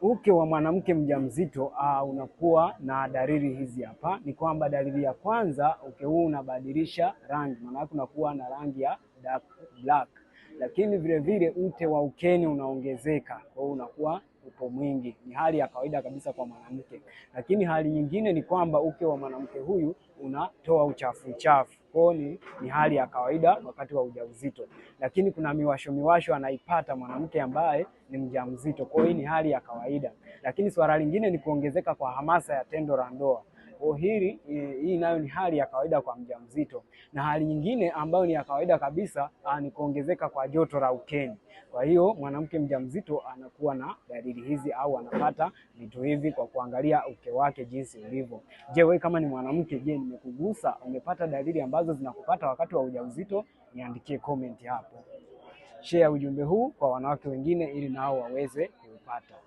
uke wa mwanamke mjamzito uh, unakuwa na dalili hizi hapa. Ni kwamba dalili ya kwanza, uke huu unabadilisha rangi, maana yake unakuwa na rangi ya dark black, lakini vilevile ute wa ukeni unaongezeka, kwa hiyo unakuwa upo mwingi, ni hali ya kawaida kabisa kwa mwanamke. Lakini hali nyingine ni kwamba uke wa mwanamke huyu unatoa uchafu uchafu, kwa ni, ni hali ya kawaida wakati wa ujauzito. Lakini kuna miwasho miwasho anaipata mwanamke ambaye ni mjamzito, kwa hii ni hali ya kawaida. Lakini swala lingine ni kuongezeka kwa hamasa ya tendo la ndoa. Kwa hili hii nayo ni hali ya kawaida kwa mjamzito, na hali nyingine ambayo ni ya kawaida kabisa ah, ni kuongezeka kwa joto la ukeni. Kwa hiyo mwanamke mjamzito anakuwa na dalili hizi au anapata vitu hivi kwa kuangalia uke wake jinsi ulivyo. Je, wewe kama ni mwanamke, je, nimekugusa? Umepata dalili ambazo zinakupata wakati wa ujauzito? Niandikie comment hapo, share ujumbe huu kwa wanawake wengine ili nao waweze kuupata.